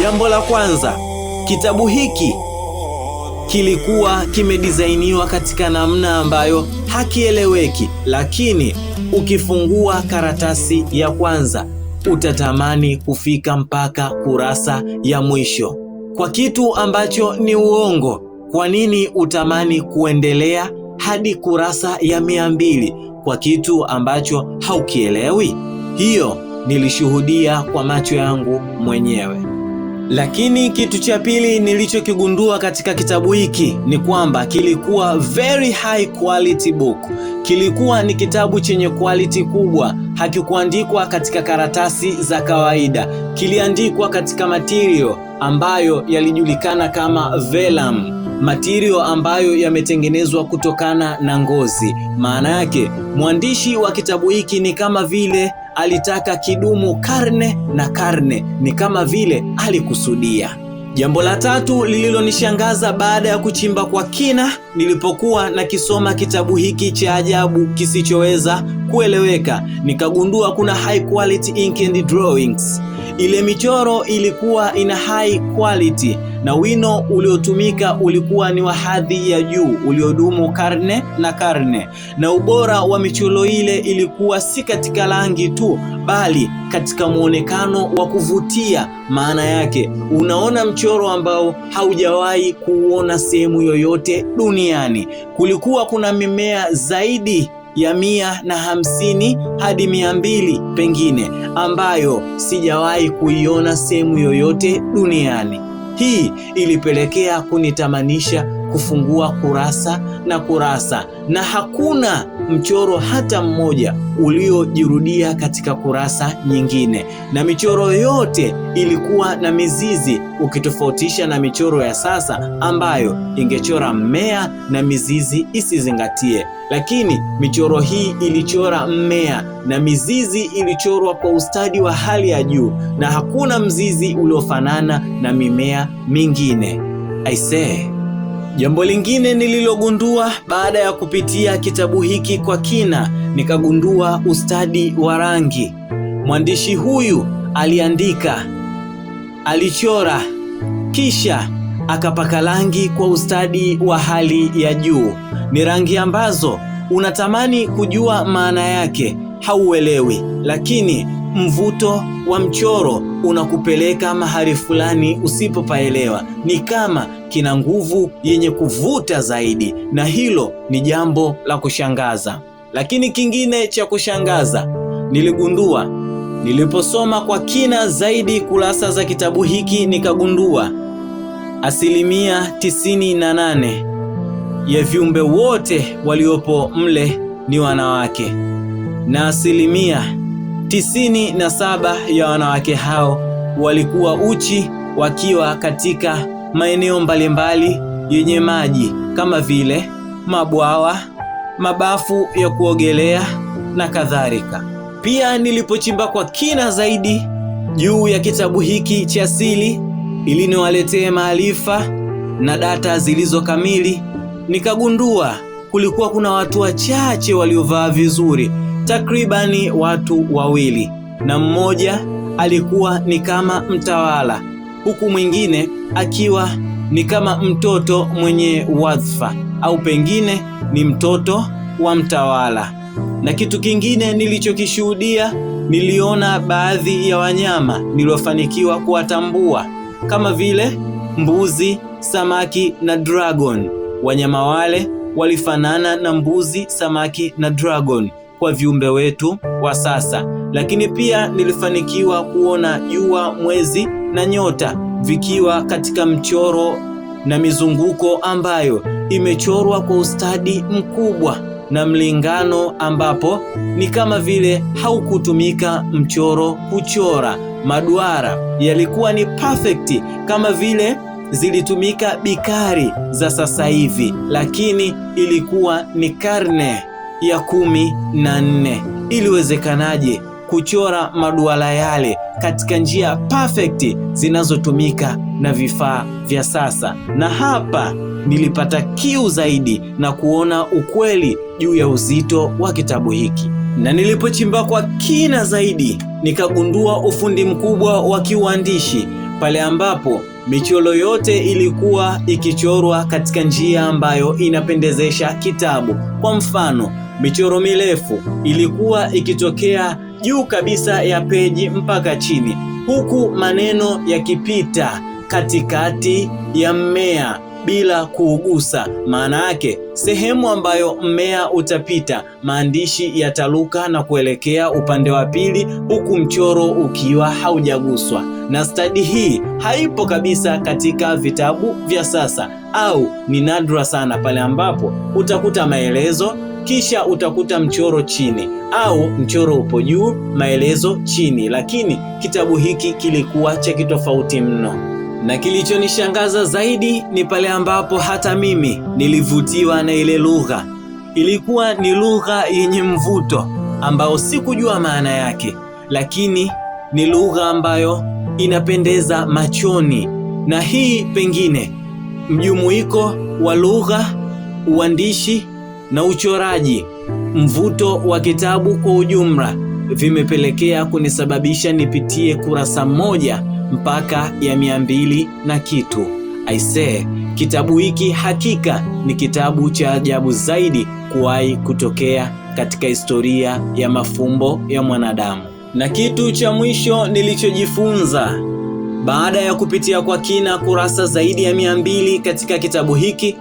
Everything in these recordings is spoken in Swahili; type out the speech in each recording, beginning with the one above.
Jambo la kwanza, kitabu hiki kilikuwa kimedizainiwa katika namna ambayo hakieleweki, lakini ukifungua karatasi ya kwanza utatamani kufika mpaka kurasa ya mwisho kwa kitu ambacho ni uongo. Kwa nini utamani kuendelea hadi kurasa ya mia mbili kwa kitu ambacho haukielewi? Hiyo nilishuhudia kwa macho yangu mwenyewe. Lakini kitu cha pili nilichokigundua katika kitabu hiki ni kwamba kilikuwa very high quality book. Kilikuwa ni kitabu chenye quality kubwa, hakikuandikwa katika karatasi za kawaida. Kiliandikwa katika material ambayo yalijulikana kama vellum matirio ambayo yametengenezwa kutokana na ngozi. Maana yake mwandishi wa kitabu hiki ni kama vile alitaka kidumu karne na karne, ni kama vile alikusudia. Jambo la tatu lililonishangaza baada ya kuchimba kwa kina nilipokuwa nakisoma kitabu hiki cha ajabu kisichoweza kueleweka, nikagundua kuna high quality ink and drawings. Ile michoro ilikuwa ina high quality na wino uliotumika ulikuwa ni wa hadhi ya juu uliodumu karne na karne, na ubora wa michoro ile ilikuwa si katika rangi tu, bali katika muonekano wa kuvutia. Maana yake unaona mchoro ambao haujawahi kuona sehemu yoyote duniani. Kulikuwa kuna mimea zaidi ya mia na hamsini hadi mia mbili pengine ambayo sijawahi kuiona sehemu yoyote duniani. Hii ilipelekea kunitamanisha kufungua kurasa na kurasa, na hakuna mchoro hata mmoja uliojirudia katika kurasa nyingine, na michoro yote ilikuwa na mizizi, ukitofautisha na michoro ya sasa ambayo ingechora mmea na mizizi isizingatie. Lakini michoro hii ilichora mmea na mizizi ilichorwa kwa ustadi wa hali ya juu, na hakuna mzizi uliofanana na mimea mingine. I say Jambo lingine nililogundua baada ya kupitia kitabu hiki kwa kina, nikagundua ustadi wa rangi. Mwandishi huyu aliandika, alichora, kisha akapaka rangi kwa ustadi wa hali ya juu. Ni rangi ambazo unatamani kujua maana yake, hauelewi, lakini mvuto wa mchoro unakupeleka mahali fulani usipopaelewa, ni kama kina nguvu yenye kuvuta zaidi, na hilo ni jambo la kushangaza. Lakini kingine cha kushangaza niligundua niliposoma kwa kina zaidi kurasa za kitabu hiki, nikagundua asilimia tisini na nane ya viumbe wote waliopo mle ni wanawake na asilimia tisini na saba ya wanawake hao walikuwa uchi wakiwa katika maeneo mbalimbali yenye maji kama vile mabwawa, mabafu ya kuogelea na kadhalika. Pia nilipochimba kwa kina zaidi juu ya kitabu hiki cha asili ili niwaletee maarifa na data zilizo kamili, nikagundua kulikuwa kuna watu wachache waliovaa vizuri takribani watu wawili na mmoja alikuwa ni kama mtawala huku mwingine akiwa ni kama mtoto mwenye wadhifa au pengine ni mtoto wa mtawala. Na kitu kingine nilichokishuhudia, niliona baadhi ya wanyama niliofanikiwa kuwatambua kama vile mbuzi, samaki na dragon. Wanyama wale walifanana na mbuzi, samaki na dragon kwa viumbe wetu wa sasa. Lakini pia nilifanikiwa kuona jua, mwezi na nyota vikiwa katika mchoro na mizunguko ambayo imechorwa kwa ustadi mkubwa na mlingano ambapo ni kama vile haukutumika mchoro kuchora. Maduara yalikuwa ni perfect kama vile zilitumika bikari za sasa hivi, lakini ilikuwa ni karne ya kumi na nne. Iliwezekanaje kuchora maduara yale katika njia perfect zinazotumika na vifaa vya sasa? Na hapa nilipata kiu zaidi na kuona ukweli juu ya uzito wa kitabu hiki, na nilipochimba kwa kina zaidi nikagundua ufundi mkubwa wa kiuandishi pale ambapo Michoro yote ilikuwa ikichorwa katika njia ambayo inapendezesha kitabu. Kwa mfano, michoro mirefu ilikuwa ikitokea juu kabisa ya peji mpaka chini, huku maneno yakipita katikati ya mmea bila kuugusa. Maana yake sehemu ambayo mmea utapita, maandishi yataluka na kuelekea upande wa pili, huku mchoro ukiwa haujaguswa. Na stadi hii haipo kabisa katika vitabu vya sasa, au ni nadra sana pale ambapo utakuta maelezo kisha utakuta mchoro chini au mchoro upo juu, maelezo chini, lakini kitabu hiki kilikuwa cha kitofauti mno na kilichonishangaza zaidi ni pale ambapo hata mimi nilivutiwa na ile lugha. Ilikuwa ni lugha yenye mvuto ambao sikujua maana yake, lakini ni lugha ambayo inapendeza machoni, na hii pengine mjumuiko wa lugha, uandishi na uchoraji, mvuto wa kitabu kwa ujumla, vimepelekea kunisababisha nipitie kurasa moja mpaka ya mia mbili na kitu. Aisee, kitabu hiki hakika ni kitabu cha ajabu zaidi kuwahi kutokea katika historia ya mafumbo ya mwanadamu. Na kitu cha mwisho nilichojifunza baada ya kupitia kwa kina kurasa zaidi ya mia mbili katika kitabu hiki,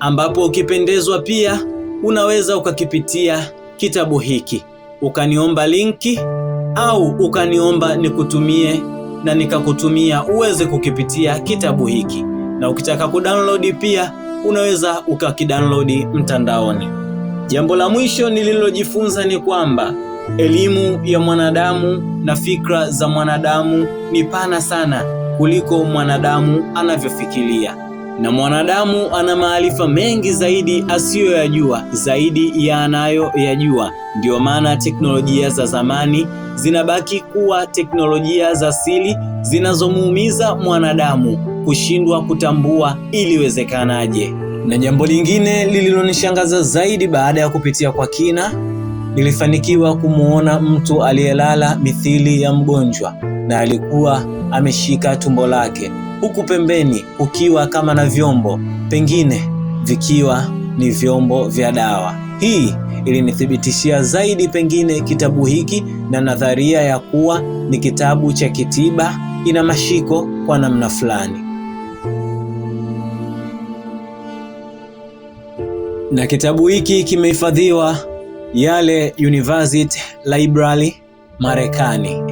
ambapo ukipendezwa pia unaweza ukakipitia kitabu hiki ukaniomba linki au ukaniomba nikutumie na nikakutumia uweze kukipitia kitabu hiki, na ukitaka kudownload pia unaweza ukakidownload mtandaoni. Jambo la mwisho nililojifunza ni kwamba elimu ya mwanadamu na fikra za mwanadamu ni pana sana kuliko mwanadamu anavyofikiria na mwanadamu ana maarifa mengi zaidi asiyoyajua zaidi ya anayoyajua. Ndiyo maana teknolojia za zamani zinabaki kuwa teknolojia za siri zinazomuumiza mwanadamu kushindwa kutambua iliwezekanaje. Na jambo lingine lililonishangaza zaidi baada ya kupitia kwa kina, nilifanikiwa kumwona mtu aliyelala mithili ya mgonjwa na alikuwa ameshika tumbo lake, huku pembeni ukiwa kama na vyombo, pengine vikiwa ni vyombo vya dawa. Hii ilinithibitishia zaidi pengine kitabu hiki na nadharia ya kuwa ni kitabu cha kitiba ina mashiko kwa namna fulani. Na kitabu hiki kimehifadhiwa Yale University Library Marekani.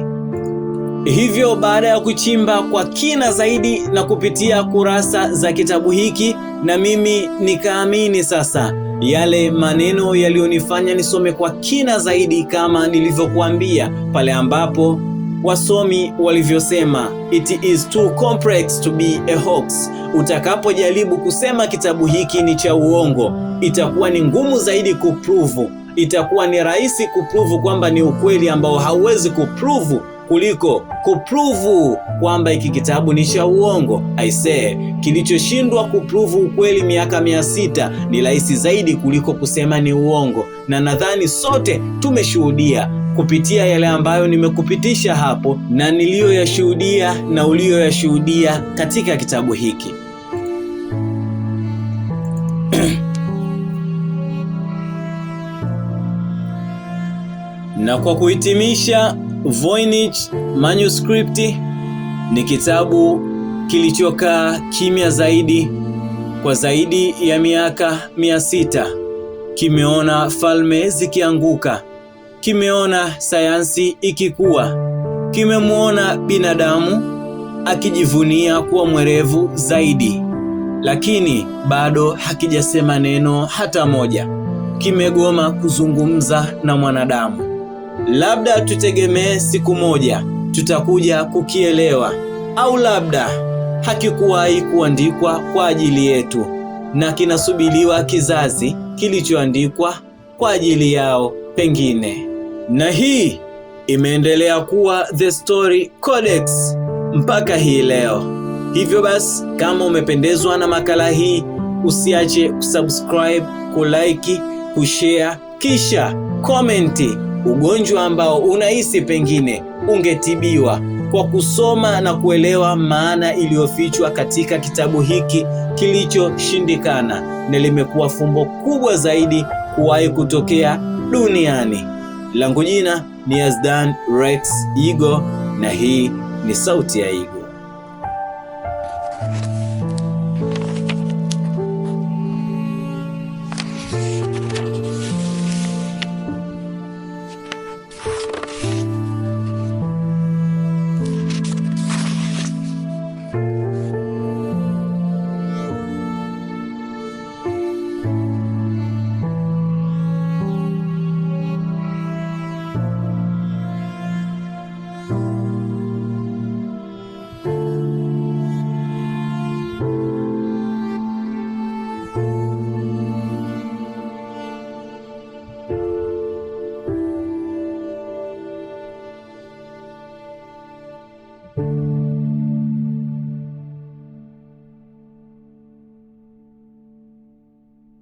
Hivyo baada ya kuchimba kwa kina zaidi na kupitia kurasa za kitabu hiki, na mimi nikaamini sasa yale maneno yaliyonifanya nisome kwa kina zaidi, kama nilivyokuambia pale ambapo wasomi walivyosema it is too complex to be a hoax. Utakapojaribu kusema kitabu hiki ni cha uongo, itakuwa ni ngumu zaidi kupruvu, itakuwa ni rahisi kupruvu kwamba ni ukweli ambao hauwezi kupruvu kuliko kupruvu kwamba hiki kitabu ni cha uongo. say kilichoshindwa kupruvu ukweli miaka mia sita ni rahisi zaidi kuliko kusema ni uongo, na nadhani sote tumeshuhudia kupitia yale ambayo nimekupitisha hapo na niliyoyashuhudia na uliyoyashuhudia katika kitabu hiki. Na kwa kuhitimisha Voynich Manuscript ni kitabu kilichokaa kimya zaidi kwa zaidi ya miaka mia sita. Kimeona falme zikianguka, kimeona sayansi ikikua, kimemwona binadamu akijivunia kuwa mwerevu zaidi, lakini bado hakijasema neno hata moja. Kimegoma kuzungumza na mwanadamu. Labda tutegemee siku moja tutakuja kukielewa, au labda hakikuwahi kuandikwa kwa ajili yetu na kinasubiriwa kizazi kilichoandikwa kwa ajili yao pengine. Na hii imeendelea kuwa The Story Codex mpaka hii leo. Hivyo basi, kama umependezwa na makala hii, usiache kusubscribe, kulike, kushare, kisha komenti ugonjwa ambao unahisi pengine ungetibiwa kwa kusoma na kuelewa maana iliyofichwa katika kitabu hiki kilichoshindikana na limekuwa fumbo kubwa zaidi kuwahi kutokea duniani. Langu jina ni Yazdan Rex Igo na hii ni sauti ya Igo.